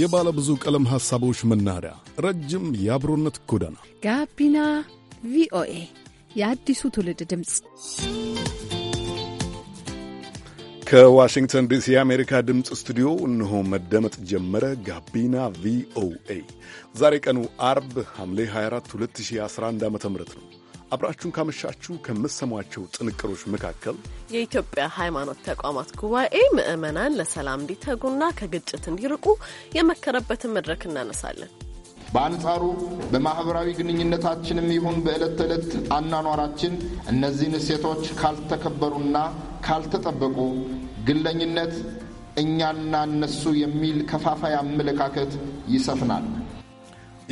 የባለ ብዙ ቀለም ሐሳቦች መናኸሪያ፣ ረጅም የአብሮነት ጎዳና ጋቢና ቪኦኤ የአዲሱ ትውልድ ድምፅ ከዋሽንግተን ዲሲ የአሜሪካ ድምፅ ስቱዲዮ እነሆ መደመጥ ጀመረ። ጋቢና ቪኦኤ ዛሬ ቀኑ አርብ ሐምሌ 24 2011 ዓ ም ነው። አብራችሁን ካመሻችሁ ከምትሰሟቸው ጥንቅሮች መካከል የኢትዮጵያ ሃይማኖት ተቋማት ጉባኤ ምዕመናን ለሰላም እንዲተጉና ከግጭት እንዲርቁ የመከረበትን መድረክ እናነሳለን። በአንጻሩ በማኅበራዊ ግንኙነታችንም ይሁን በዕለት ተዕለት አናኗራችን እነዚህን እሴቶች ካልተከበሩና ካልተጠበቁ ግለኝነት፣ እኛና እነሱ የሚል ከፋፋይ አመለካከት ይሰፍናል።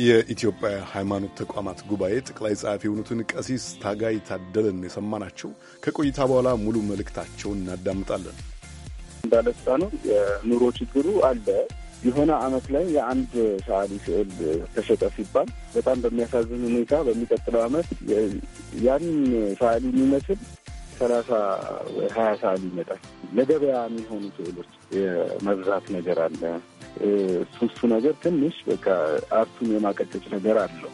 የኢትዮጵያ ሃይማኖት ተቋማት ጉባኤ ጠቅላይ ጸሐፊ የሆኑትን ቀሲስ ታጋይ ታደለን የሰማናቸው። ከቆይታ በኋላ ሙሉ መልእክታቸውን እናዳምጣለን። እንዳለሳ ነው የኑሮ ችግሩ አለ። የሆነ አመት ላይ የአንድ ሰዓሊ ስዕል ተሸጠ ሲባል በጣም በሚያሳዝን ሁኔታ በሚቀጥለው አመት ያን ሰዓሊ የሚመስል ሰላሳ ሀያ ሰዓሊ ይመጣል። ለገበያ የሚሆኑ ስዕሎች የመብዛት ነገር አለ ሱሱ ነገር ትንሽ በቃ አርቱን የማቀጨጭ ነገር አለው።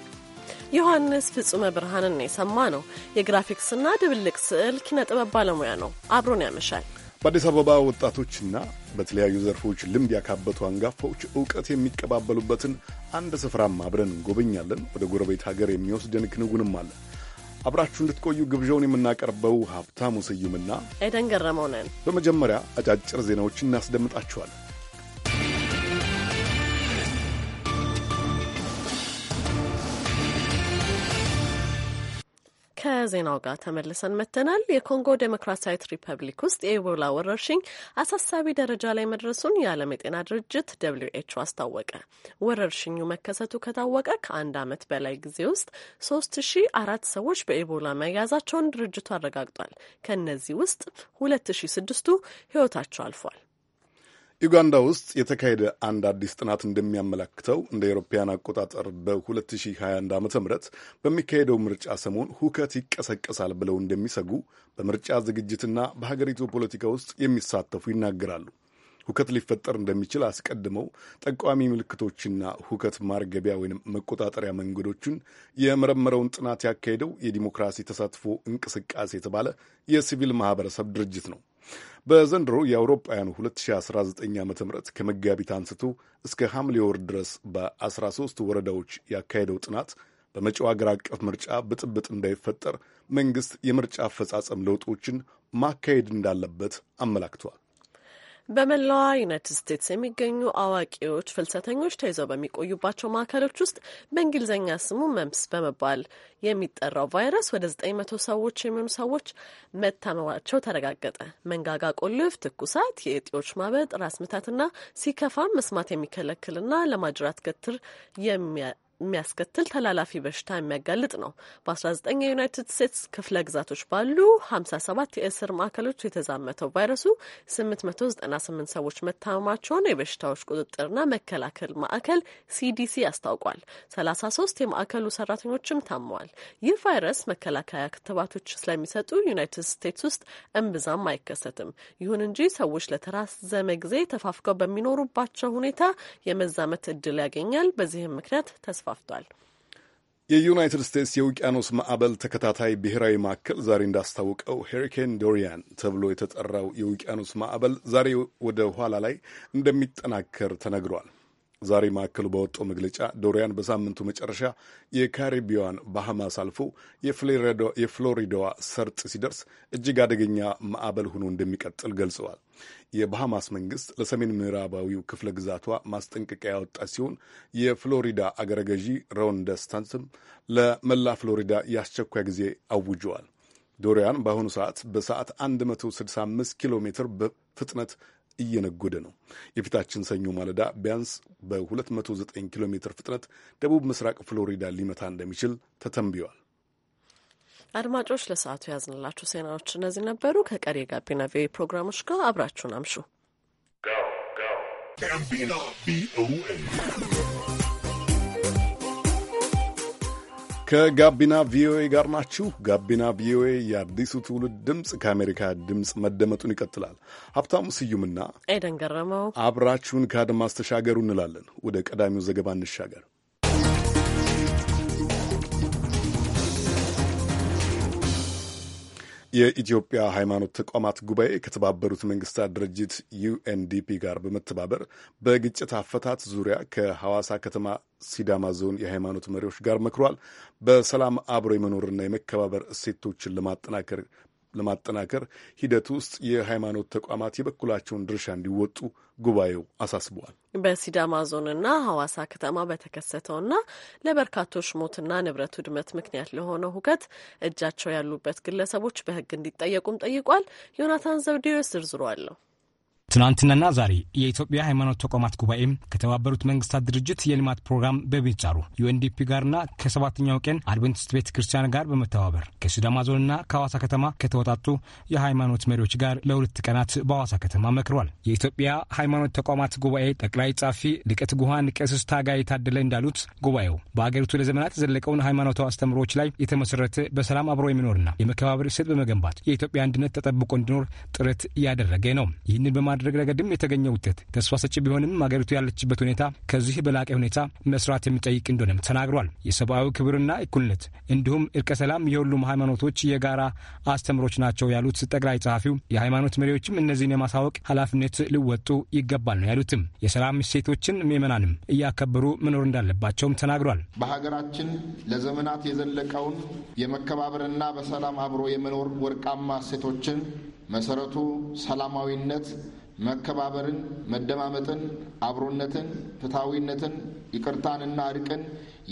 ዮሐንስ ፍጹመ ብርሃንን የሰማ ነው። የግራፊክስና ድብልቅ ስዕል ጥበብ ባለሙያ ነው። አብሮን ያመሻል። በአዲስ አበባ ወጣቶችና በተለያዩ ዘርፎች ልምድ ያካበቱ አንጋፋዎች እውቀት የሚቀባበሉበትን አንድ ስፍራም አብረን እንጎበኛለን። ወደ ጎረቤት ሀገር የሚወስደን ክንውንም አለ። አብራችሁ እንድትቆዩ ግብዣውን የምናቀርበው ሀብታሙ ስዩምና ኤደን ገረመው ነን። በመጀመሪያ አጫጭር ዜናዎችን እናስደምጣችኋለን። ከዜናው ጋር ተመልሰን መጥተናል። የኮንጎ ዴሞክራሲያዊት ሪፐብሊክ ውስጥ የኢቦላ ወረርሽኝ አሳሳቢ ደረጃ ላይ መድረሱን የዓለም የጤና ድርጅት ደብሊው ኤች አስታወቀ። ወረርሽኙ መከሰቱ ከታወቀ ከአንድ ዓመት በላይ ጊዜ ውስጥ ሶስት ሺ አራት ሰዎች በኢቦላ መያዛቸውን ድርጅቱ አረጋግጧል። ከእነዚህ ውስጥ ሁለት ሺ ስድስቱ ህይወታቸው አልፏል። ዩጋንዳ ውስጥ የተካሄደ አንድ አዲስ ጥናት እንደሚያመላክተው እንደ ኤሮፓያን አቆጣጠር በ2021 ዓ ም በሚካሄደው ምርጫ ሰሞን ሁከት ይቀሰቀሳል ብለው እንደሚሰጉ በምርጫ ዝግጅትና በሀገሪቱ ፖለቲካ ውስጥ የሚሳተፉ ይናገራሉ። ሁከት ሊፈጠር እንደሚችል አስቀድመው ጠቋሚ ምልክቶችና ሁከት ማርገቢያ ወይም መቆጣጠሪያ መንገዶችን የመረመረውን ጥናት ያካሄደው የዲሞክራሲ ተሳትፎ እንቅስቃሴ የተባለ የሲቪል ማህበረሰብ ድርጅት ነው። በዘንድሮ የአውሮፓውያኑ 2019 ዓ ም ከመጋቢት አንስቶ እስከ ሐምሌ ወር ድረስ በ13 ወረዳዎች ያካሄደው ጥናት በመጪው አገር አቀፍ ምርጫ ብጥብጥ እንዳይፈጠር መንግሥት የምርጫ አፈጻጸም ለውጦችን ማካሄድ እንዳለበት አመላክቷል። በመላዋ ዩናይትድ ስቴትስ የሚገኙ አዋቂዎች ፍልሰተኞች ተይዘው በሚቆዩባቸው ማዕከሎች ውስጥ በእንግሊዝኛ ስሙ መምስ በመባል የሚጠራው ቫይረስ ወደ ዘጠኝ መቶ ሰዎች የሚሆኑ ሰዎች መታመማቸው ተረጋገጠ። መንጋጋ ቆልፍ፣ ትኩሳት፣ የእጢዎች ማበጥ፣ ራስ ምታትና ሲከፋም መስማት የሚከለክልና ለማጅራት ገትር የሚያስከትል ተላላፊ በሽታ የሚያጋልጥ ነው። በ19 የዩናይትድ ስቴትስ ክፍለ ግዛቶች ባሉ 57 የእስር ማዕከሎች የተዛመተው ቫይረሱ 898 ሰዎች መታመማቸውን የበሽታዎች ቁጥጥርና መከላከል ማዕከል ሲዲሲ አስታውቋል። 33 የማዕከሉ ሰራተኞችም ታመዋል። ይህ ቫይረስ መከላከያ ክትባቶች ስለሚሰጡ ዩናይትድ ስቴትስ ውስጥ እምብዛም አይከሰትም። ይሁን እንጂ ሰዎች ለተራዘመ ጊዜ ተፋፍገው በሚኖሩባቸው ሁኔታ የመዛመት እድል ያገኛል። በዚህም ምክንያት ተስፋ ተስፋፍቷል። የዩናይትድ ስቴትስ የውቅያኖስ ማዕበል ተከታታይ ብሔራዊ ማዕከል ዛሬ እንዳስታወቀው ሄሪኬን ዶሪያን ተብሎ የተጠራው የውቅያኖስ ማዕበል ዛሬ ወደ ኋላ ላይ እንደሚጠናከር ተነግሯል። ዛሬ ማዕከሉ በወጣው መግለጫ ዶሪያን በሳምንቱ መጨረሻ የካሪቢያን ባሃማስ አልፎ የፍሎሪዳዋ ሰርጥ ሲደርስ እጅግ አደገኛ ማዕበል ሆኖ እንደሚቀጥል ገልጸዋል። የባሃማስ መንግስት ለሰሜን ምዕራባዊው ክፍለ ግዛቷ ማስጠንቀቂያ ያወጣ ሲሆን የፍሎሪዳ አገረ ገዢ ሮን ደስታንስም ለመላ ፍሎሪዳ የአስቸኳይ ጊዜ አውጀዋል። ዶሪያን በአሁኑ ሰዓት በሰዓት 165 ኪሎ ሜትር በፍጥነት እየነጎደ ነው። የፊታችን ሰኞ ማለዳ ቢያንስ በ209 ኪሎ ሜትር ፍጥነት ደቡብ ምስራቅ ፍሎሪዳ ሊመታ እንደሚችል ተተንብዋል። አድማጮች ለሰዓቱ ያዝንላችሁ ዜናዎች እነዚህ ነበሩ። ከቀሪ የጋቢና ቪኦኤ ፕሮግራሞች ጋር አብራችሁን አምሹ። ከጋቢና ቪኦኤ ጋር ናችሁ። ጋቢና ቪኦኤ የአዲሱ ትውልድ ድምፅ ከአሜሪካ ድምፅ መደመጡን ይቀጥላል። ሀብታሙ ስዩምና ኤደን ገረመው አብራችሁን ከአድማስ ተሻገሩ እንላለን። ወደ ቀዳሚው ዘገባ እንሻገር። የኢትዮጵያ ሃይማኖት ተቋማት ጉባኤ ከተባበሩት መንግስታት ድርጅት ዩኤንዲፒ ጋር በመተባበር በግጭት አፈታት ዙሪያ ከሐዋሳ ከተማ ሲዳማ ዞን የሃይማኖት መሪዎች ጋር መክሯል። በሰላም አብሮ የመኖርና የመከባበር እሴቶችን ለማጠናከር ለማጠናከር ሂደት ውስጥ የሃይማኖት ተቋማት የበኩላቸውን ድርሻ እንዲወጡ ጉባኤው አሳስበዋል። በሲዳማ ዞንና ሐዋሳ ከተማ በተከሰተውና ለበርካቶች ሞትና ንብረት ውድመት ምክንያት ለሆነው ሁከት እጃቸው ያሉበት ግለሰቦች በሕግ እንዲጠየቁም ጠይቋል። ዮናታን ዘውዴዎስ ዝርዝሮ ትናንትናና ዛሬ የኢትዮጵያ ሃይማኖት ተቋማት ጉባኤም ከተባበሩት መንግስታት ድርጅት የልማት ፕሮግራም በምህጻሩ ዩኤንዲፒ ጋርና ከሰባተኛው ቀን አድቬንቲስት ቤተ ክርስቲያን ጋር በመተባበር ከሲዳማ ዞንና ከሐዋሳ ከተማ ከተወጣጡ የሃይማኖት መሪዎች ጋር ለሁለት ቀናት በሐዋሳ ከተማ መክሯል። የኢትዮጵያ ሃይማኖት ተቋማት ጉባኤ ጠቅላይ ጻፊ ልቀት ጉሃን ቀስስ ታጋይ ታደለ እንዳሉት ጉባኤው በአገሪቱ ለዘመናት ዘለቀውን ሃይማኖታዊ አስተምሮች ላይ የተመሰረተ በሰላም አብሮ የሚኖርና የመከባበር እሴት በመገንባት የኢትዮጵያ አንድነት ተጠብቆ እንዲኖር ጥረት እያደረገ ነው። ይህንን በማ በማድረግ ረገድም የተገኘ ውጤት ተስፋ ሰጪ ቢሆንም አገሪቱ ያለችበት ሁኔታ ከዚህ በላቀ ሁኔታ መስራት የሚጠይቅ እንደሆነም ተናግሯል። የሰብአዊ ክብርና እኩልነት እንዲሁም እርቀ ሰላም የሁሉም ሃይማኖቶች የጋራ አስተምሮች ናቸው ያሉት ጠቅላይ ጸሐፊው የሃይማኖት መሪዎችም እነዚህን የማሳወቅ ኃላፊነት ሊወጡ ይገባል ነው ያሉትም። የሰላም እሴቶችን ምዕመናንም እያከበሩ መኖር እንዳለባቸውም ተናግሯል። በሀገራችን ለዘመናት የዘለቀውን የመከባበርና በሰላም አብሮ የመኖር ወርቃማ እሴቶችን መሰረቱ ሰላማዊነት መከባበርን፣ መደማመጥን፣ አብሮነትን፣ ፍትሐዊነትን፣ ይቅርታንና እርቅን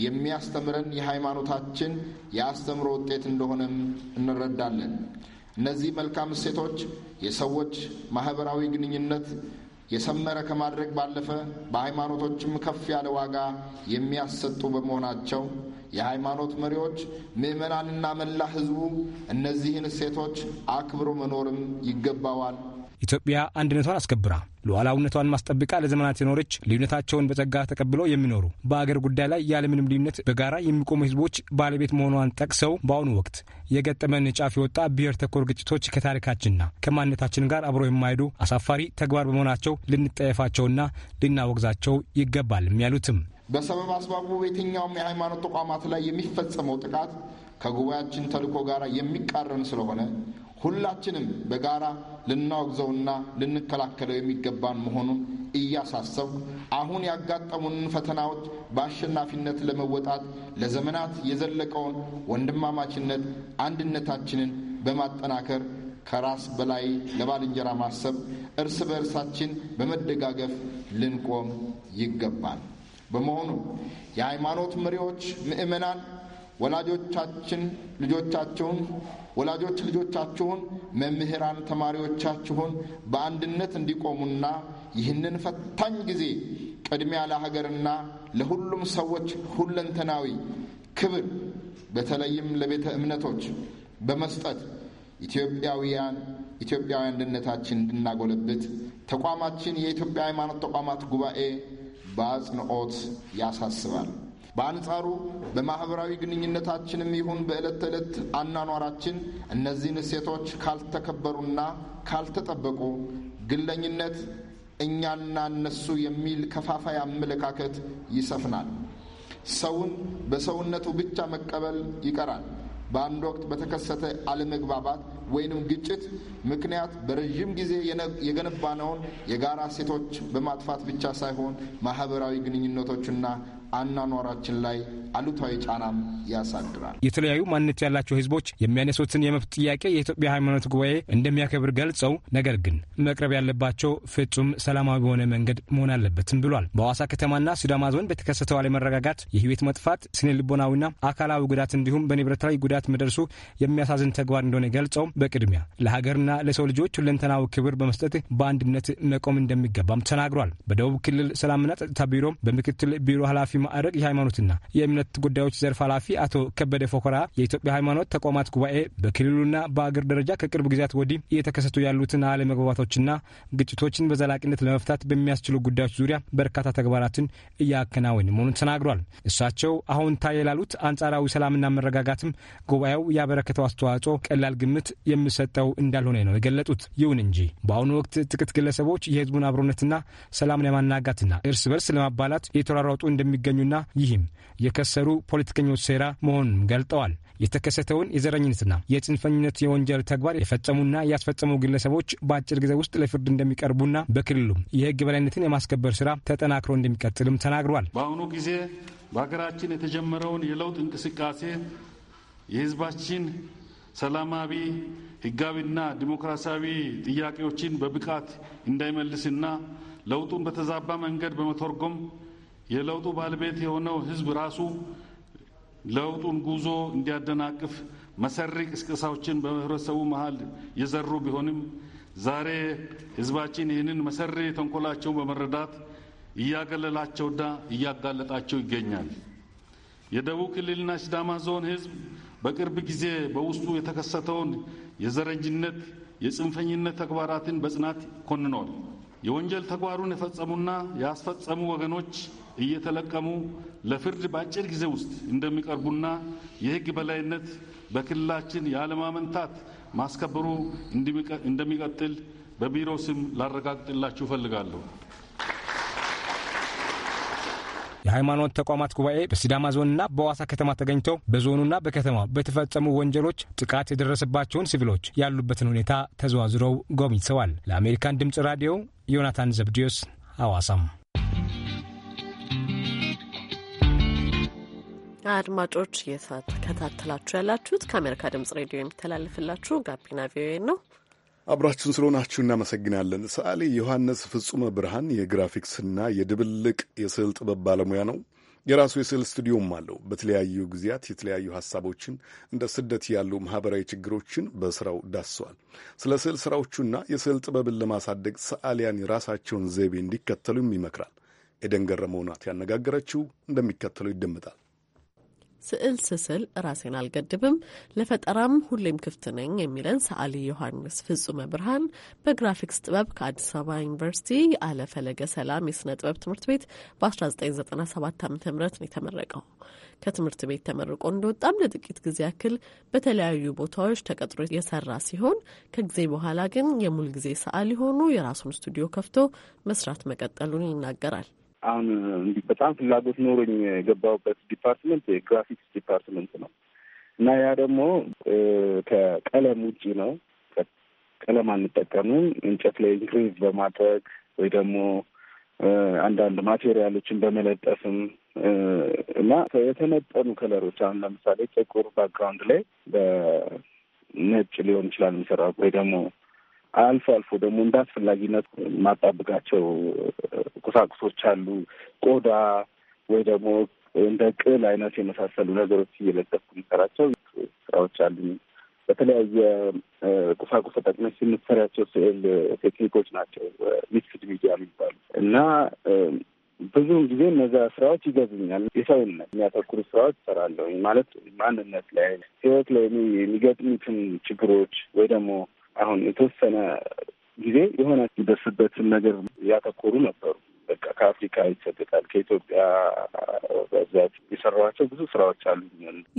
የሚያስተምረን የሃይማኖታችን የአስተምሮ ውጤት እንደሆነም እንረዳለን። እነዚህ መልካም እሴቶች የሰዎች ማኅበራዊ ግንኙነት የሰመረ ከማድረግ ባለፈ በሃይማኖቶችም ከፍ ያለ ዋጋ የሚያሰጡ በመሆናቸው የሃይማኖት መሪዎች፣ ምዕመናንና መላ ሕዝቡ እነዚህን እሴቶች አክብሮ መኖርም ይገባዋል ኢትዮጵያ አንድነቷን አስከብራ ሉዓላዊነቷን ማስጠብቃ ለዘመናት የኖረች ልዩነታቸውን በጸጋ ተቀብለው የሚኖሩ በአገር ጉዳይ ላይ ያለምንም ልዩነት በጋራ የሚቆሙ ህዝቦች ባለቤት መሆኗን ጠቅሰው በአሁኑ ወቅት የገጠመን ጫፍ የወጣ ብሔር ተኮር ግጭቶች ከታሪካችንና ከማንነታችን ጋር አብሮ የማይሄዱ አሳፋሪ ተግባር በመሆናቸው ልንጠየፋቸውና ልናወግዛቸው ይገባልም ያሉትም በሰበብ አስባቡ በየትኛውም የሃይማኖት ተቋማት ላይ የሚፈጸመው ጥቃት ከጉባኤያችን ተልእኮ ጋር የሚቃረን ስለሆነ ሁላችንም በጋራ ልናወግዘውና ልንከላከለው የሚገባን መሆኑን እያሳሰብ አሁን ያጋጠሙንን ፈተናዎች በአሸናፊነት ለመወጣት ለዘመናት የዘለቀውን ወንድማማችነት አንድነታችንን በማጠናከር ከራስ በላይ ለባልንጀራ ማሰብ፣ እርስ በእርሳችን በመደጋገፍ ልንቆም ይገባል። በመሆኑ የሃይማኖት መሪዎች ምዕመናን ወላጆቻችን ልጆቻቸውን ወላጆች ልጆቻችሁን፣ መምህራን ተማሪዎቻችሁን በአንድነት እንዲቆሙና ይህንን ፈታኝ ጊዜ ቅድሚያ ለሀገርና ለሁሉም ሰዎች ሁለንተናዊ ክብር በተለይም ለቤተ እምነቶች በመስጠት ኢትዮጵያውያን ኢትዮጵያዊ አንድነታችን እንድናጎለብት ተቋማችን የኢትዮጵያ ሃይማኖት ተቋማት ጉባኤ በአጽንኦት ያሳስባል። በአንጻሩ በማህበራዊ ግንኙነታችንም ይሁን በዕለት ተዕለት አናኗራችን እነዚህን እሴቶች ካልተከበሩና ካልተጠበቁ ግለኝነት፣ እኛና እነሱ የሚል ከፋፋይ አመለካከት ይሰፍናል። ሰውን በሰውነቱ ብቻ መቀበል ይቀራል። በአንድ ወቅት በተከሰተ አለመግባባት ወይንም ግጭት ምክንያት በረዥም ጊዜ የገነባነውን የጋራ ሴቶች በማጥፋት ብቻ ሳይሆን ማህበራዊ ግንኙነቶችና አኗኗራችን ላይ አሉታዊ ጫናም ያሳድራል። የተለያዩ ማንነት ያላቸው ህዝቦች የሚያነሱትን የመብት ጥያቄ የኢትዮጵያ ሃይማኖት ጉባኤ እንደሚያከብር ገልጸው ነገር ግን መቅረብ ያለባቸው ፍጹም ሰላማዊ በሆነ መንገድ መሆን አለበትም ብሏል። በሐዋሳ ከተማና ሲዳማ ዞን በተከሰተው አለመረጋጋት የህይወት መጥፋት፣ ስነ ልቦናዊና አካላዊ ጉዳት እንዲሁም በንብረት ላይ ጉዳት መደርሱ የሚያሳዝን ተግባር እንደሆነ ገልጸው በቅድሚያ ለሀገርና ለሰው ልጆች ሁለንተናዊ ክብር በመስጠት በአንድነት መቆም እንደሚገባም ተናግሯል። በደቡብ ክልል ሰላምና ጸጥታ ቢሮ በምክትል ቢሮ ኃላፊ ኃላፊ ማዕረግ የሃይማኖትና የእምነት ጉዳዮች ዘርፍ ኃላፊ አቶ ከበደ ፎኮራ የኢትዮጵያ ሃይማኖት ተቋማት ጉባኤ በክልሉና በአገር ደረጃ ከቅርብ ጊዜያት ወዲህ እየተከሰቱ ያሉትን አለመግባባቶችና ግጭቶችን በዘላቂነት ለመፍታት በሚያስችሉ ጉዳዮች ዙሪያ በርካታ ተግባራትን እያከናወነ መሆኑን ተናግሯል። እሳቸው አዎንታዊ ላሉት አንጻራዊ ሰላምና መረጋጋትም ጉባኤው ያበረከተው አስተዋጽኦ ቀላል ግምት የሚሰጠው እንዳልሆነ ነው የገለጡት። ይሁን እንጂ በአሁኑ ወቅት ጥቂት ግለሰቦች የህዝቡን አብሮነትና ሰላም ለማናጋትና እርስ በርስ ለማባላት የተሯሯጡ እንደሚ እንደሚገኙና ይህም የከሰሩ ፖለቲከኞች ሴራ መሆኑን ገልጠዋል። የተከሰተውን የዘረኝነትና የጽንፈኝነት የወንጀል ተግባር የፈጸሙና ያስፈጸሙ ግለሰቦች በአጭር ጊዜ ውስጥ ለፍርድ እንደሚቀርቡና በክልሉም የህግ በላይነትን የማስከበር ስራ ተጠናክሮ እንደሚቀጥልም ተናግሯል። በአሁኑ ጊዜ በሀገራችን የተጀመረውን የለውጥ እንቅስቃሴ የህዝባችን ሰላማዊ ህጋዊና ዲሞክራሲያዊ ጥያቄዎችን በብቃት እንዳይመልስና ለውጡን በተዛባ መንገድ በመተርጎም የለውጡ ባለቤት የሆነው ህዝብ ራሱ ለውጡን ጉዞ እንዲያደናቅፍ መሰሪ ቅስቀሳዎችን በህብረተሰቡ መሀል የዘሩ ቢሆንም ዛሬ ህዝባችን ይህንን መሰሪ ተንኮላቸውን በመረዳት እያገለላቸውና እያጋለጣቸው ይገኛል። የደቡብ ክልልና ሲዳማ ዞን ህዝብ በቅርብ ጊዜ በውስጡ የተከሰተውን የዘረኝነት፣ የጽንፈኝነት ተግባራትን በጽናት ኮንኗል። የወንጀል ተግባሩን የፈጸሙና ያስፈጸሙ ወገኖች እየተለቀሙ ለፍርድ በአጭር ጊዜ ውስጥ እንደሚቀርቡና የህግ በላይነት በክልላችን ያለማመንታት ማስከበሩ እንደሚቀጥል በቢሮ ስም ላረጋግጥላችሁ እፈልጋለሁ። የሃይማኖት ተቋማት ጉባኤ በሲዳማ ዞንና በዋሳ ከተማ ተገኝቶ በዞኑና በከተማው በተፈጸሙ ወንጀሎች ጥቃት የደረሰባቸውን ሲቪሎች ያሉበትን ሁኔታ ተዘዋዝረው ጎብኝተዋል። ለአሜሪካን ድምፅ ራዲዮ ዮናታን ዘብዲዮስ አዋሳም አድማጮች እየተከታተላችሁ ያላችሁት ከአሜሪካ ድምጽ ሬዲዮ የሚተላለፍላችሁ ጋቢና ቪኦኤ ነው። አብራችሁን ስለሆናችሁ እናመሰግናለን። ሰዓሊ ዮሐንስ ፍጹመ ብርሃን የግራፊክስና የድብልቅ የስዕል ጥበብ ባለሙያ ነው። የራሱ የስዕል ስቱዲዮም አለው። በተለያዩ ጊዜያት የተለያዩ ሀሳቦችን እንደ ስደት ያሉ ማህበራዊ ችግሮችን በስራው ዳስሰዋል። ስለ ስዕል ስራዎቹና የስዕል ጥበብን ለማሳደግ ሰዓሊያን የራሳቸውን ዘይቤ እንዲከተሉም ይመክራል። ኤደን ገረመው ናት ያነጋገረችው፣ እንደሚከተለው ይደመጣል። ስዕል ስስል ራሴን አልገድብም፣ ለፈጠራም ሁሌም ክፍት ነኝ የሚለን ሰዓሊ ዮሐንስ ፍጹመ ብርሃን በግራፊክስ ጥበብ ከአዲስ አበባ ዩኒቨርሲቲ አለፈለገ ሰላም የስነ ጥበብ ትምህርት ቤት በ1997 ዓ ም ነው የተመረቀው። ከትምህርት ቤት ተመርቆ እንደወጣም ለጥቂት ጊዜ ያክል በተለያዩ ቦታዎች ተቀጥሮ የሰራ ሲሆን ከጊዜ በኋላ ግን የሙልጊዜ ሰዓሊ ሆኖ የራሱን ስቱዲዮ ከፍቶ መስራት መቀጠሉን ይናገራል። አሁን በጣም ፍላጎት ኖሮኝ የገባሁበት ዲፓርትመንት የግራፊክስ ዲፓርትመንት ነው እና ያ ደግሞ ከቀለም ውጭ ነው። ቀለም አንጠቀምም። እንጨት ላይ ኢንክሪዝ በማድረግ ወይ ደግሞ አንዳንድ ማቴሪያሎችን በመለጠፍም እና የተመጠኑ ከለሮች አሁን ለምሳሌ ጥቁር ባክግራውንድ ላይ በነጭ ሊሆን ይችላል የሚሰራው ወይ ደግሞ አልፎ አልፎ ደግሞ እንደ አስፈላጊነት የማጣብቃቸው ቁሳቁሶች አሉ። ቆዳ ወይ ደግሞ እንደ ቅል አይነት የመሳሰሉ ነገሮች እየለጠፍኩ የምሰራቸው ስራዎች አሉ። በተለያየ ቁሳቁስ ተጠቅመች የምትሰሪያቸው ስዕል ቴክኒኮች ናቸው ሚክስድ ሚዲያ የሚባሉ እና ብዙውን ጊዜ እነዛ ስራዎች ይገዝኛል። የሰውነት የሚያተኩሩ ስራዎች እሰራለሁ ማለት ማንነት ላይ ህይወት ላይ የሚገጥሙትን ችግሮች ወይ ደግሞ አሁን የተወሰነ ጊዜ የሆነ የሚደርስበትን ነገር ያተኮሩ ነበሩ። በቃ ከአፍሪካ ይሰጥታል ከኢትዮጵያ በብዛት የሰራቸው ብዙ ስራዎች አሉ።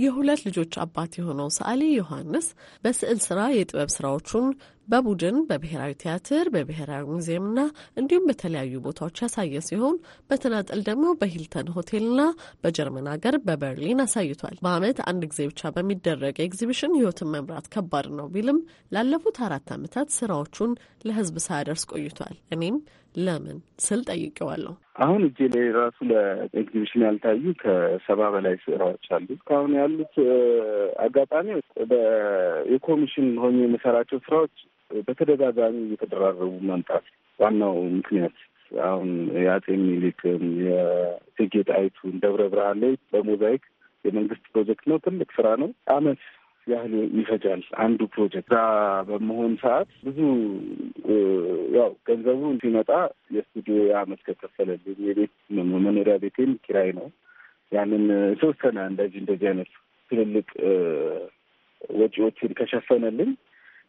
የሁለት ልጆች አባት የሆነው ሰዓሊ ዮሐንስ በስዕል ስራ የጥበብ ስራዎቹን በቡድን በብሔራዊ ቲያትር፣ በብሔራዊ ሙዚየምና እንዲሁም በተለያዩ ቦታዎች ያሳየ ሲሆን በተናጠል ደግሞ በሂልተን ሆቴልና በጀርመን ሀገር በበርሊን አሳይቷል። በዓመት አንድ ጊዜ ብቻ በሚደረግ ኤግዚቢሽን ህይወትን መምራት ከባድ ነው ቢልም ላለፉት አራት ዓመታት ስራዎቹን ለህዝብ ሳያደርስ ቆይቷል። እኔም ለምን ስል ጠይቄዋለሁ። አሁን እጄ ላይ ራሱ ለኤግዚቢሽን ያልታዩ ከሰባ በላይ ስራዎች አሉ። እስካሁን ያሉት አጋጣሚ የኮሚሽን ሆኜ የምሰራቸው ስራዎች በተደጋጋሚ እየተደራረቡ መምጣት ዋናው ምክንያት አሁን የአጼ ምኒልክም የእቴጌ ጣይቱን ደብረ ብርሃን ላይ በሞዛይክ የመንግስት ፕሮጀክት ነው። ትልቅ ስራ ነው። አመት ያህል ይፈጃል አንዱ ፕሮጀክት። እዛ በመሆን ሰዓት ብዙ ያው ገንዘቡ ሲመጣ የስቱዲዮ ዓመት ከከፈለልኝ የቤት መኖሪያ ቤቴን ኪራይ ነው። ያንን የተወሰነ እንደዚህ እንደዚህ አይነት ትልልቅ ወጪዎችን ከሸፈነልኝ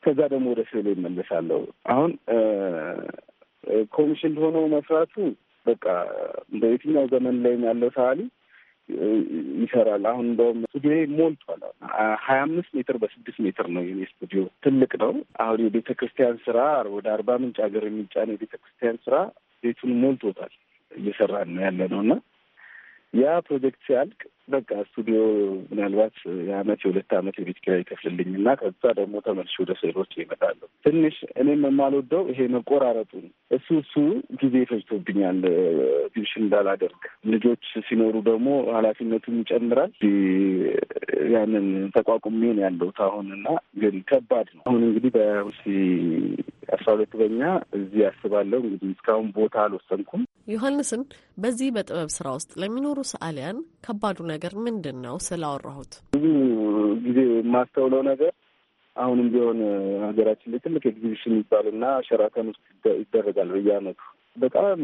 ከዛ ደግሞ ወደ ስዕል ይመለሳለሁ። አሁን ኮሚሽን ሆኖ መስራቱ በቃ እንደ የትኛው ዘመን ላይ ያለው ሰዓሊ ይሰራል። አሁን እንደውም ስቱዲዮ ሞልቷል። ሀያ አምስት ሜትር በስድስት ሜትር ነው የኔ ስቱዲዮ፣ ትልቅ ነው። አሁን የቤተ ክርስቲያን ስራ ወደ አርባ ምንጭ ሀገር የሚጫን የቤተ ክርስቲያን ስራ ቤቱን ሞልቶታል። እየሰራ ነው ያለ ነው እና ያ ፕሮጀክት ሲያልቅ በቃ ስቱዲዮ ምናልባት የአመት የሁለት አመት የቤት ኪራይ ይከፍልልኝ እና ከዛ ደግሞ ተመልሼ ወደ ስዕሎች ይመጣለሁ። ትንሽ እኔም የማልወደው ይሄ መቆራረጡ እሱ እሱ ጊዜ ፈጅቶብኛል ዲቪሽን እንዳላደርግ። ልጆች ሲኖሩ ደግሞ ኃላፊነቱን ይጨምራል። ያንን ተቋቁሜን ያለሁት አሁን እና ግን ከባድ ነው። አሁን እንግዲህ በሲ አስራ ሁለት በኛ እዚህ ያስባለው እንግዲህ እስካሁን ቦታ አልወሰንኩም። ዮሐንስን በዚህ በጥበብ ስራ ውስጥ ለሚኖሩ ሰዓሊያን ከባዱ ነገር ምንድን ነው ስላወራሁት ብዙ ጊዜ የማስተውለው ነገር አሁንም ቢሆን ሀገራችን ላይ ትልቅ ኤግዚቢሽን ይባልና ሸራተን ውስጥ ይደረጋል በየአመቱ በጣም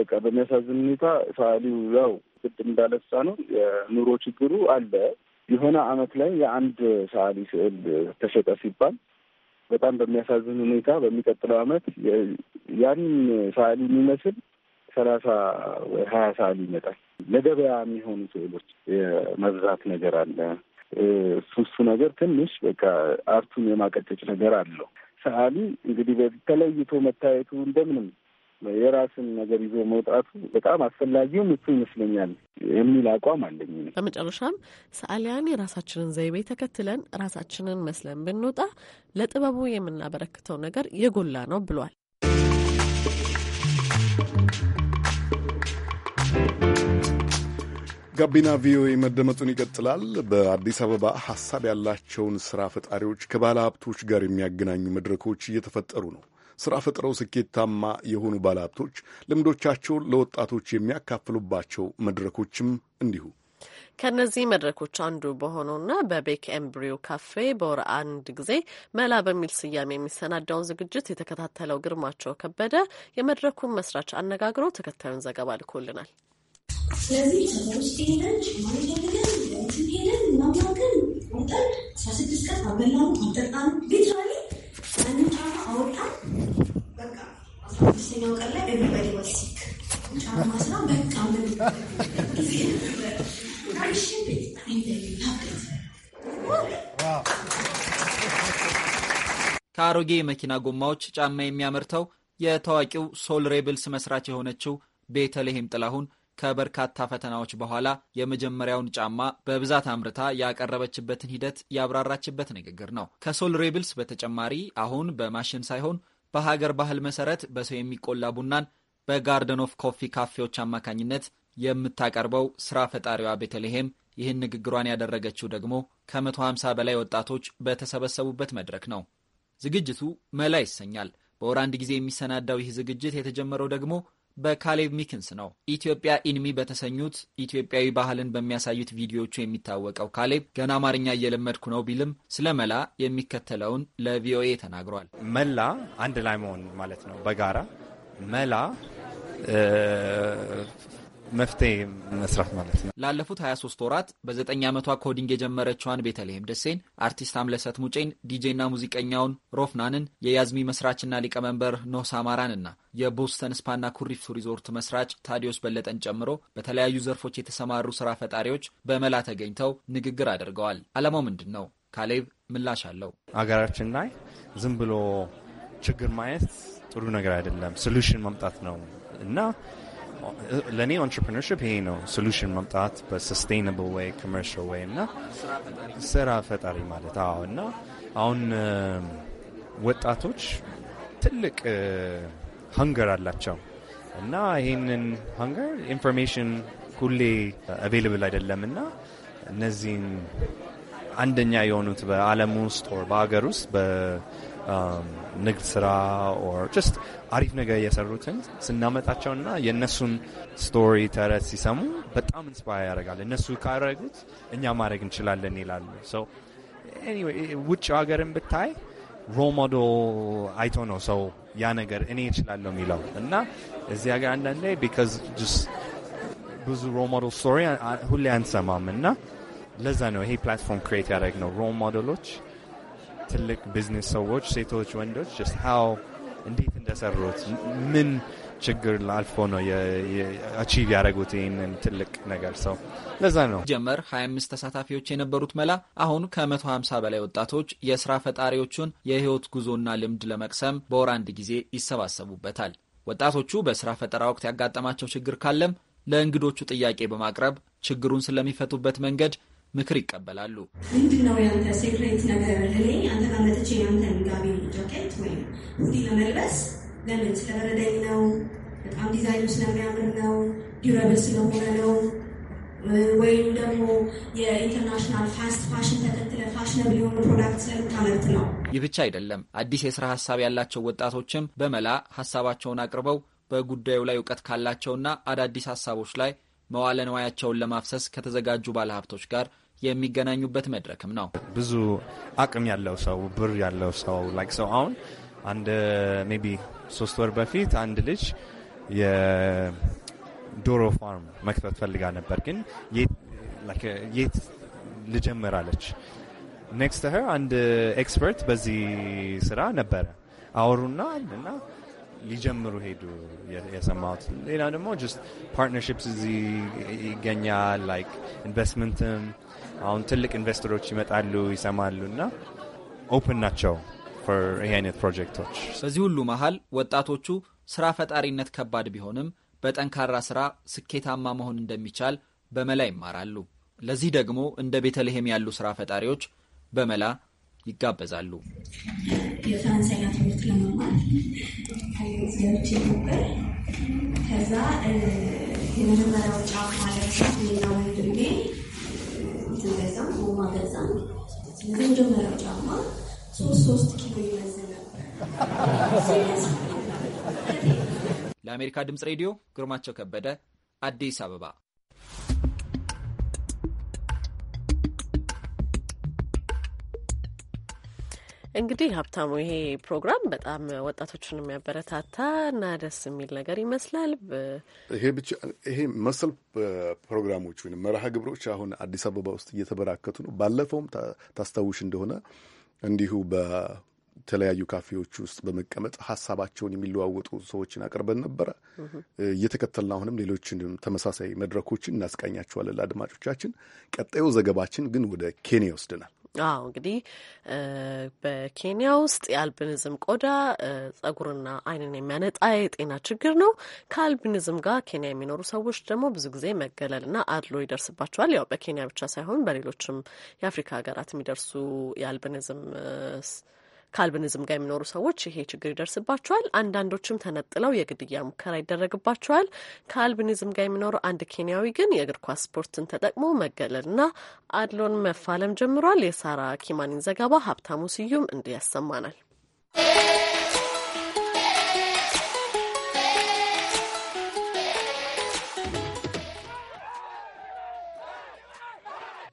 በቃ በሚያሳዝን ሁኔታ ሰዓሊው ያው ቅድም እንዳለሳ ነው የኑሮ ችግሩ አለ። የሆነ አመት ላይ የአንድ ሰዓሊ ስዕል ተሸጠ ሲባል በጣም በሚያሳዝን ሁኔታ በሚቀጥለው አመት ያን ሰዓሊ የሚመስል ሰላሳ ወይ ሀያ ሰዓሊ ይመጣል። ለገበያ የሚሆኑ ስዕሎች የመብዛት ነገር አለ። እሱ እሱ ነገር ትንሽ በቃ አርቱን የማቀጨጭ ነገር አለው። ሰዓሊ እንግዲህ ተለይቶ መታየቱ እንደምንም የራስን ነገር ይዞ መውጣቱ በጣም አስፈላጊውም እሱ ይመስለኛል የሚል አቋም አለኝ። በመጨረሻም ሰዓሊያን የራሳችንን ዘይቤ ተከትለን ራሳችንን መስለን ብንወጣ ለጥበቡ የምናበረክተው ነገር የጎላ ነው ብሏል። ጋቢና ቪኦኤ መደመጡን ይቀጥላል። በአዲስ አበባ ሀሳብ ያላቸውን ስራ ፈጣሪዎች ከባለ ሀብቶች ጋር የሚያገናኙ መድረኮች እየተፈጠሩ ነው። ስራ ፈጥረው ስኬታማ የሆኑ ባለሀብቶች ልምዶቻቸውን ለወጣቶች የሚያካፍሉባቸው መድረኮችም እንዲሁ ከነዚህ መድረኮች አንዱ በሆነውና በቤክ ኤምብሪዮ ካፌ በወር አንድ ጊዜ መላ በሚል ስያሜ የሚሰናዳውን ዝግጅት የተከታተለው ግርማቸው ከበደ የመድረኩን መስራች አነጋግሮ ተከታዩን ዘገባ ልኮልናል። ስለዚህ ውስጥ ሄደን ሄደን ሄደን እናማከን አስራ ስድስት ቀን አበላኑ አጠጣኑ ቤት ከአሮጌ የመኪና ጎማዎች ጫማ የሚያመርተው የታዋቂው ሶል ሬብልስ መስራች የሆነችው ቤተልሔም ጥላሁን ከበርካታ ፈተናዎች በኋላ የመጀመሪያውን ጫማ በብዛት አምርታ ያቀረበችበትን ሂደት ያብራራችበት ንግግር ነው። ከሶል ሬብልስ በተጨማሪ አሁን በማሽን ሳይሆን በሀገር ባህል መሰረት በሰው የሚቆላ ቡናን በጋርደን ኦፍ ኮፊ ካፌዎች አማካኝነት የምታቀርበው ስራ ፈጣሪዋ ቤተልሔም ይህን ንግግሯን ያደረገችው ደግሞ ከ150 በላይ ወጣቶች በተሰበሰቡበት መድረክ ነው። ዝግጅቱ መላ ይሰኛል። በወር አንድ ጊዜ የሚሰናዳው ይህ ዝግጅት የተጀመረው ደግሞ በካሌብ ሚክንስ ነው። ኢትዮጵያ ኢንሚ በተሰኙት ኢትዮጵያዊ ባህልን በሚያሳዩት ቪዲዮዎቹ የሚታወቀው ካሌብ ገና አማርኛ እየለመድኩ ነው ቢልም ስለ መላ የሚከተለውን ለቪኦኤ ተናግሯል። መላ አንድ ላይ መሆን ማለት ነው። በጋራ መላ መፍትሄ መስራት ማለት ነው። ላለፉት 23 ወራት በዘጠኝ ዓመቷ ኮዲንግ የጀመረችዋን ቤተልሔም ደሴን፣ አርቲስት አምለሰት ሙጬን፣ ዲጄና ሙዚቀኛውን ሮፍናንን፣ የያዝሚ መስራችና ሊቀመንበር ኖህ ሳማራንና የቦስተን ስፓና ኩሪፍቱ ሪዞርት መስራች ታዲዮስ በለጠን ጨምሮ በተለያዩ ዘርፎች የተሰማሩ ስራ ፈጣሪዎች በመላ ተገኝተው ንግግር አድርገዋል። አለማው ምንድን ነው? ካሌብ ምላሽ አለው። አገራችን ላይ ዝም ብሎ ችግር ማየት ጥሩ ነገር አይደለም። ሶሉሽን ማምጣት ነው እና ለእኔ ኦንትርፕርነርሽፕ ይሄ ነው ሶሉሽን መምጣት በሰስቴናብል ወይ ኮመርሻል ወይ እና ስራ ፈጣሪ ማለት አዎ። እና አሁን ወጣቶች ትልቅ ሀንገር አላቸው እና ይህንን ሀንገር ኢንፎርሜሽን ሁሌ አቬይላብል አይደለም እና እነዚህን አንደኛ የሆኑት በዓለም ውስጥ ወር በሀገር ውስጥ Um, ንግድ ስራ ኦር ጀስት አሪፍ ነገር እየሰሩትን ስናመጣቸው ስናመጣቸውና የእነሱን ስቶሪ ተረት ሲሰሙ በጣም ኢንስፓየር ያደርጋል። እነሱ ካደረጉት እኛ ማድረግ እንችላለን ይላሉ። ውጭ ሀገርን ብታይ ሮሞዶ አይቶ ነው ሰው ያ ነገር እኔ እችላለሁ የሚለው እና እዚህ ሀገር አንዳንዴ ቢካዝ ብዙ ሮል ስቶሪ ሁሌ አንሰማም እና ለዛ ነው ይሄ ፕላትፎርም ክሬት ያደረግ ነው ሮል ሞዴሎች ትልቅ ቢዝነስ ሰዎች፣ ሴቶች፣ ወንዶች ሀው እንዴት እንደሰሩት ምን ችግር አልፎ ነው አቺቭ ያደረጉት ይህንን ትልቅ ነገር ሰው ለዛ ነው ጀመር 25 ተሳታፊዎች የነበሩት መላ አሁን ከ150 በላይ ወጣቶች የስራ ፈጣሪዎቹን የህይወት ጉዞና ልምድ ለመቅሰም በወር አንድ ጊዜ ይሰባሰቡበታል። ወጣቶቹ በስራ ፈጠራ ወቅት ያጋጠማቸው ችግር ካለም ለእንግዶቹ ጥያቄ በማቅረብ ችግሩን ስለሚፈቱበት መንገድ ምክር ይቀበላሉ። ምንድን ነው ያንተ ሴክሬት ነገር ለኔ አንተ ጋቢ ጃኬት ወይም ሁዲ ለመልበስ ለምን ስለበረደኝ ነው? በጣም ዲዛይኑ ስለሚያምር ነው? ዲረብል ስለሆነ ነው? ወይም ደግሞ የኢንተርናሽናል ፋስት ፋሽን ተከትለ ፋሽነብል የሆኑ ፕሮዳክት ስለምታመርት ነው። ይህ ብቻ አይደለም። አዲስ የስራ ሀሳብ ያላቸው ወጣቶችም በመላ ሀሳባቸውን አቅርበው በጉዳዩ ላይ እውቀት ካላቸውና አዳዲስ ሀሳቦች ላይ መዋለ ንዋያቸውን ለማፍሰስ ከተዘጋጁ ባለሀብቶች ጋር የሚገናኙበት መድረክም ነው። ብዙ አቅም ያለው ሰው፣ ብር ያለው ሰው ላይክ ሰው አሁን አንድ ሜቢ ሶስት ወር በፊት አንድ ልጅ የዶሮ ፋርም መክፈት ፈልጋ ነበር፣ ግን የት ልጀምራለች? ኔክስት ሄር አንድ ኤክስፐርት በዚህ ስራ ነበረ። አወሩና እና ሊጀምሩ ሄዱ የሰማሁት። ሌላ ደግሞ ፓርትነርሽፕስ እዚህ ይገኛል ላይክ ኢንቨስትመንትም አሁን ትልቅ ኢንቨስተሮች ይመጣሉ፣ ይሰማሉ እና ኦፕን ናቸው ይህ አይነት ፕሮጀክቶች። በዚህ ሁሉ መሀል ወጣቶቹ ስራ ፈጣሪነት ከባድ ቢሆንም በጠንካራ ስራ ስኬታማ መሆን እንደሚቻል በመላ ይማራሉ። ለዚህ ደግሞ እንደ ቤተልሔም ያሉ ስራ ፈጣሪዎች በመላ ይጋበዛሉ። የፈረንሳይኛ ትምህርት ለመማር ነበር። ከዛ የመጀመሪያው ጫፍ ማለት ወንድሜ ስንገዛ ጎማ ገዛ። ስለዚህ መጀመሪያው ጫማ ሶስት ሶስት ኪሎ ለአሜሪካ ድምፅ ሬዲዮ ግርማቸው ከበደ አዲስ አበባ እንግዲህ ሀብታሙ፣ ይሄ ፕሮግራም በጣም ወጣቶችን የሚያበረታታ እና ደስ የሚል ነገር ይመስላል። ይሄ ብቻ ይሄ መሰል ፕሮግራሞች ወይም መርሃ ግብሮች አሁን አዲስ አበባ ውስጥ እየተበራከቱ ነው። ባለፈውም ታስታውሽ እንደሆነ እንዲሁ በተለያዩ ካፌዎች ውስጥ በመቀመጥ ሀሳባቸውን የሚለዋወጡ ሰዎችን አቅርበን ነበረ እየተከተልን አሁንም ሌሎችንም ተመሳሳይ መድረኮችን እናስቃኛቸዋለን ለአድማጮቻችን። ቀጣዩ ዘገባችን ግን ወደ ኬንያ ይወስደናል። አዎ እንግዲህ በኬንያ ውስጥ የአልቢኒዝም ቆዳ ጸጉርና አይንን የሚያነጣ የጤና ችግር ነው። ከአልቢኒዝም ጋር ኬንያ የሚኖሩ ሰዎች ደግሞ ብዙ ጊዜ መገለልና አድሎ ይደርስባቸዋል። ያው በኬንያ ብቻ ሳይሆን በሌሎችም የአፍሪካ ሀገራት የሚደርሱ የአልቢኒዝም ከአልቢኒዝም ጋር የሚኖሩ ሰዎች ይሄ ችግር ይደርስባቸዋል። አንዳንዶችም ተነጥለው የግድያ ሙከራ ይደረግባቸዋል። ከአልቢኒዝም ጋር የሚኖሩ አንድ ኬንያዊ ግን የእግር ኳስ ስፖርትን ተጠቅሞ መገለልና አድሎን መፋለም ጀምሯል። የሳራ ኪማኒን ዘገባ ሀብታሙ ስዩም እንዲህ ያሰማናል።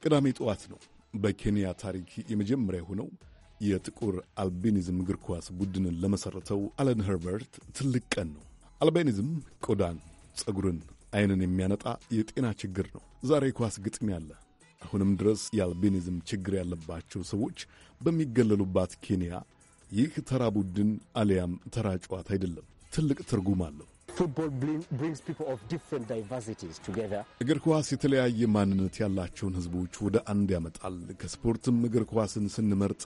ቅዳሜ ጠዋት ነው በኬንያ ታሪክ የመጀመሪያ የሆነው የጥቁር አልቢኒዝም እግር ኳስ ቡድንን ለመሠረተው አለን ሄርበርት ትልቅ ቀን ነው። አልቢኒዝም ቆዳን፣ ጸጉርን፣ አይንን የሚያነጣ የጤና ችግር ነው። ዛሬ ኳስ ግጥሚያ አለ። አሁንም ድረስ የአልቢኒዝም ችግር ያለባቸው ሰዎች በሚገለሉባት ኬንያ ይህ ተራ ቡድን አሊያም ተራ ጨዋታ አይደለም፣ ትልቅ ትርጉም አለው። እግር ኳስ የተለያየ ማንነት ያላቸውን ሕዝቦች ወደ አንድ ያመጣል። ከስፖርትም እግር ኳስን ስንመርጥ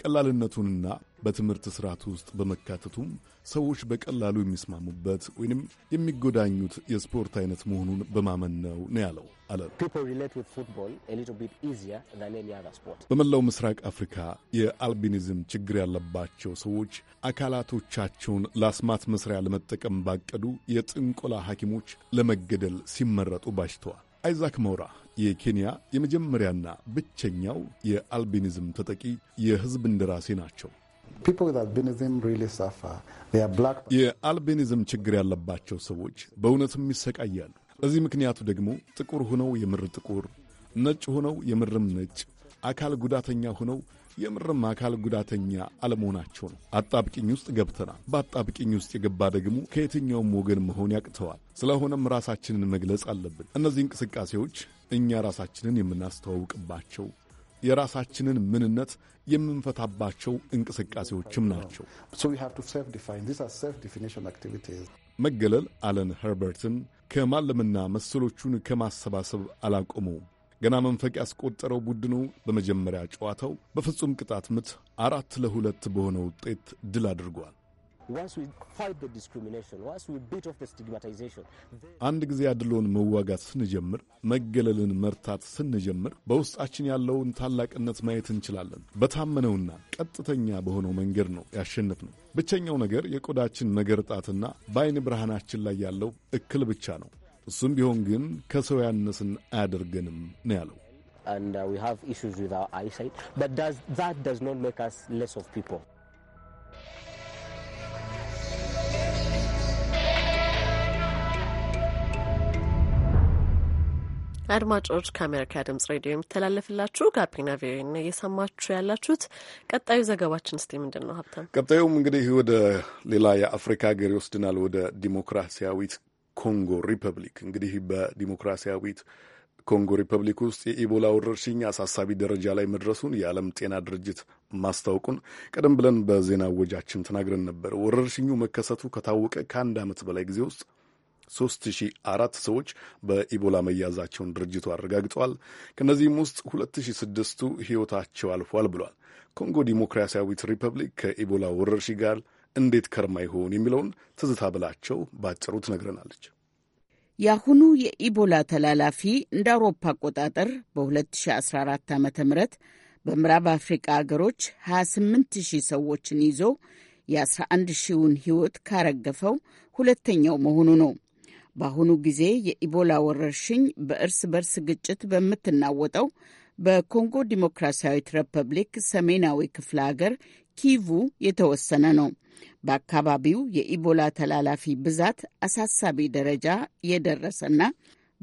ቀላልነቱንና በትምህርት ስርዓት ውስጥ በመካተቱም ሰዎች በቀላሉ የሚስማሙበት ወይንም የሚጎዳኙት የስፖርት አይነት መሆኑን በማመን ነው ነው ያለው በመላው ምስራቅ አፍሪካ የአልቢኒዝም ችግር ያለባቸው ሰዎች አካላቶቻቸውን ለአስማት መስሪያ ለመጠቀም ባቀዱ የጥንቆላ ሐኪሞች ለመገደል ሲመረጡ ባጅተዋል። አይዛክ መውራ የኬንያ የመጀመሪያና ብቸኛው የአልቢኒዝም ተጠቂ የህዝብ እንደራሴ ናቸው። የአልቢኒዝም ችግር ያለባቸው ሰዎች በእውነትም ይሰቃያሉ። ለዚህ ምክንያቱ ደግሞ ጥቁር ሆነው የምር ጥቁር፣ ነጭ ሆነው የምርም ነጭ፣ አካል ጉዳተኛ ሆነው የምርም አካል ጉዳተኛ አለመሆናቸው ነው። አጣብቂኝ ውስጥ ገብተናል። በአጣብቂኝ ውስጥ የገባ ደግሞ ከየትኛውም ወገን መሆን ያቅተዋል። ስለሆነም ራሳችንን መግለጽ አለብን። እነዚህ እንቅስቃሴዎች እኛ ራሳችንን የምናስተዋውቅባቸው የራሳችንን ምንነት የምንፈታባቸው እንቅስቃሴዎችም ናቸው። መገለል አለን ኸርበርትን ከማለምና መሰሎቹን ከማሰባሰብ አላቆመውም። ገና መንፈቅ ያስቆጠረው ቡድኑ በመጀመሪያ ጨዋታው በፍጹም ቅጣት ምት አራት ለሁለት በሆነ ውጤት ድል አድርጓል። አንድ ጊዜ አድሎን መዋጋት ስንጀምር፣ መገለልን መርታት ስንጀምር በውስጣችን ያለውን ታላቅነት ማየት እንችላለን። በታመነውና ቀጥተኛ በሆነው መንገድ ነው ያሸነፍነው። ብቸኛው ነገር የቆዳችን መገርጣትና በአይን ብርሃናችን ላይ ያለው እክል ብቻ ነው። እሱም ቢሆን ግን ከሰው ያነስን አያደርገንም ነው ያለው። and uh, we have issues with our eyesight but does, that does not make us less of people አድማጮች ከአሜሪካ ድምጽ ሬዲዮ የሚተላለፍላችሁ ጋቢና ቪኦኤ ነው እየሰማችሁ ያላችሁት። ቀጣዩ ዘገባችን እስቲ ምንድን ነው ሀብታም? ቀጣዩም እንግዲህ ወደ ሌላ የአፍሪካ ሀገር ይወስድናል፣ ወደ ዲሞክራሲያዊት ኮንጎ ሪፐብሊክ። እንግዲህ በዲሞክራሲያዊት ኮንጎ ሪፐብሊክ ውስጥ የኢቦላ ወረርሽኝ አሳሳቢ ደረጃ ላይ መድረሱን የዓለም ጤና ድርጅት ማስታወቁን ቀደም ብለን በዜና ወጃችን ተናግረን ነበር። ወረርሽኙ መከሰቱ ከታወቀ ከአንድ ዓመት በላይ ጊዜ ውስጥ አራት ሰዎች በኢቦላ መያዛቸውን ድርጅቱ አረጋግጠዋል። ከእነዚህም ውስጥ 2006 ስድስቱ ሕይወታቸው አልፏል ብሏል። ኮንጎ ዲሞክራሲያዊት ሪፐብሊክ ከኢቦላ ወረርሽኝ ጋር እንዴት ከርማ ይሆን የሚለውን ትዝታ ብላቸው ባጭሩ ትነግረናለች። የአሁኑ የኢቦላ ተላላፊ እንደ አውሮፓ አቆጣጠር በ2014 ዓ ም በምዕራብ አፍሪቃ አገሮች 28000 ሰዎችን ይዞ የ11 ሺውን ሕይወት ካረገፈው ሁለተኛው መሆኑ ነው። በአሁኑ ጊዜ የኢቦላ ወረርሽኝ በእርስ በርስ ግጭት በምትናወጠው በኮንጎ ዲሞክራሲያዊት ሪፐብሊክ ሰሜናዊ ክፍለ ሀገር ኪቩ የተወሰነ ነው። በአካባቢው የኢቦላ ተላላፊ ብዛት አሳሳቢ ደረጃ የደረሰና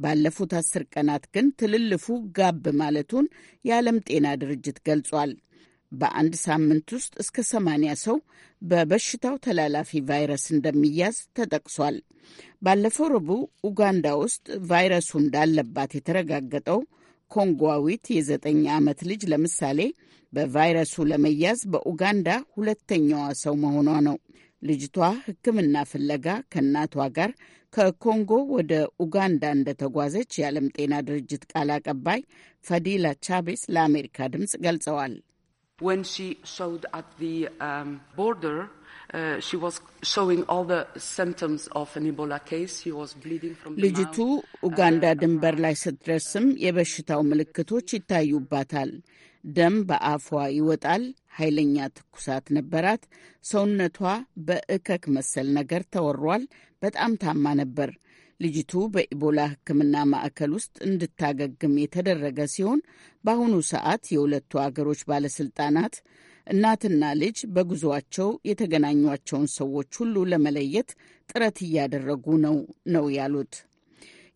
ባለፉት አስር ቀናት ግን ትልልፉ ጋብ ማለቱን የዓለም ጤና ድርጅት ገልጿል። በአንድ ሳምንት ውስጥ እስከ 80 ሰው በበሽታው ተላላፊ ቫይረስ እንደሚያዝ ተጠቅሷል። ባለፈው ረቡዕ ኡጋንዳ ውስጥ ቫይረሱ እንዳለባት የተረጋገጠው ኮንጓዊት የዘጠኝ ዓመት ልጅ ለምሳሌ በቫይረሱ ለመያዝ በኡጋንዳ ሁለተኛዋ ሰው መሆኗ ነው። ልጅቷ ሕክምና ፍለጋ ከእናቷ ጋር ከኮንጎ ወደ ኡጋንዳ እንደተጓዘች የዓለም ጤና ድርጅት ቃል አቀባይ ፈዲላ ቻቤስ ለአሜሪካ ድምፅ ገልጸዋል። When she showed at the um, border, ልጅቱ ኡጋንዳ ድንበር ላይ ስትደርስም የበሽታው ምልክቶች ይታዩባታል። ደም በአፏ ይወጣል። ኃይለኛ ትኩሳት ነበራት። ሰውነቷ በእከክ መሰል ነገር ተወሯል። በጣም ታማ ነበር። ልጅቱ በኢቦላ ሕክምና ማዕከል ውስጥ እንድታገግም የተደረገ ሲሆን በአሁኑ ሰዓት የሁለቱ አገሮች ባለስልጣናት እናትና ልጅ በጉዞአቸው የተገናኟቸውን ሰዎች ሁሉ ለመለየት ጥረት እያደረጉ ነው ነው ያሉት።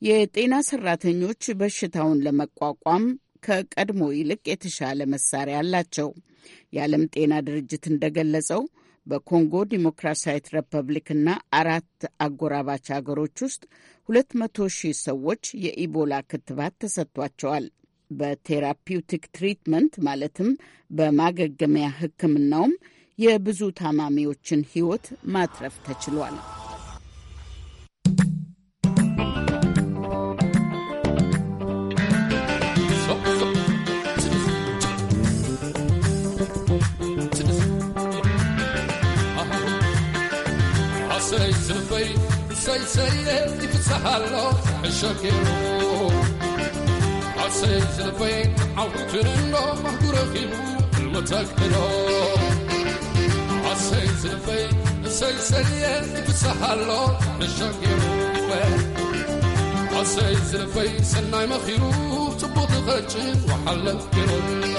የጤና ሰራተኞች በሽታውን ለመቋቋም ከቀድሞ ይልቅ የተሻለ መሳሪያ አላቸው። የዓለም ጤና ድርጅት እንደገለጸው በኮንጎ ዲሞክራሲያዊት ሪፐብሊክና አራት አጎራባች አገሮች ውስጥ ሁለት መቶ ሺህ ሰዎች የኢቦላ ክትባት ተሰጥቷቸዋል። በቴራፒውቲክ ትሪትመንት ማለትም በማገገሚያ ሕክምናውም የብዙ ታማሚዎችን ሕይወት ማትረፍ ተችሏል። سلسلة يفتحلو عشاكيبو عصيز البيت عوترنو مهدور خيبو المتاكدو عصيز البيت سلسلة يفتحلو عشاكيبو عصيز البيت سناي مخيرو تبوط غجن وحلت كيرو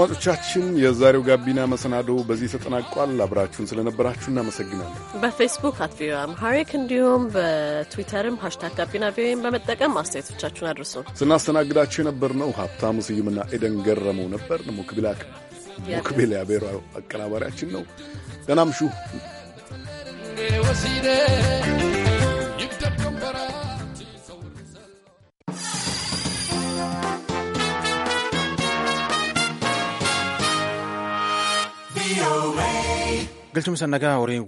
አድማጮቻችን፣ የዛሬው ጋቢና መሰናዶ በዚህ ተጠናቋል። አብራችሁን ስለነበራችሁ እናመሰግናለን። በፌስቡክ አት ቪኦኤ አምሃሪክ እንዲሁም በትዊተርም ሀሽታግ ጋቢና ቪኦኤን በመጠቀም አስተያየቶቻችሁን አድርሱ። ስናስተናግዳችሁ ነው ሀብታሙ ስዩምና ኤደን ገረመው ነበር። ሞክቢል ያቤሮ አቀናባሪያችን ነው። ደናምሹ ወሲደ galtumsa naga horeen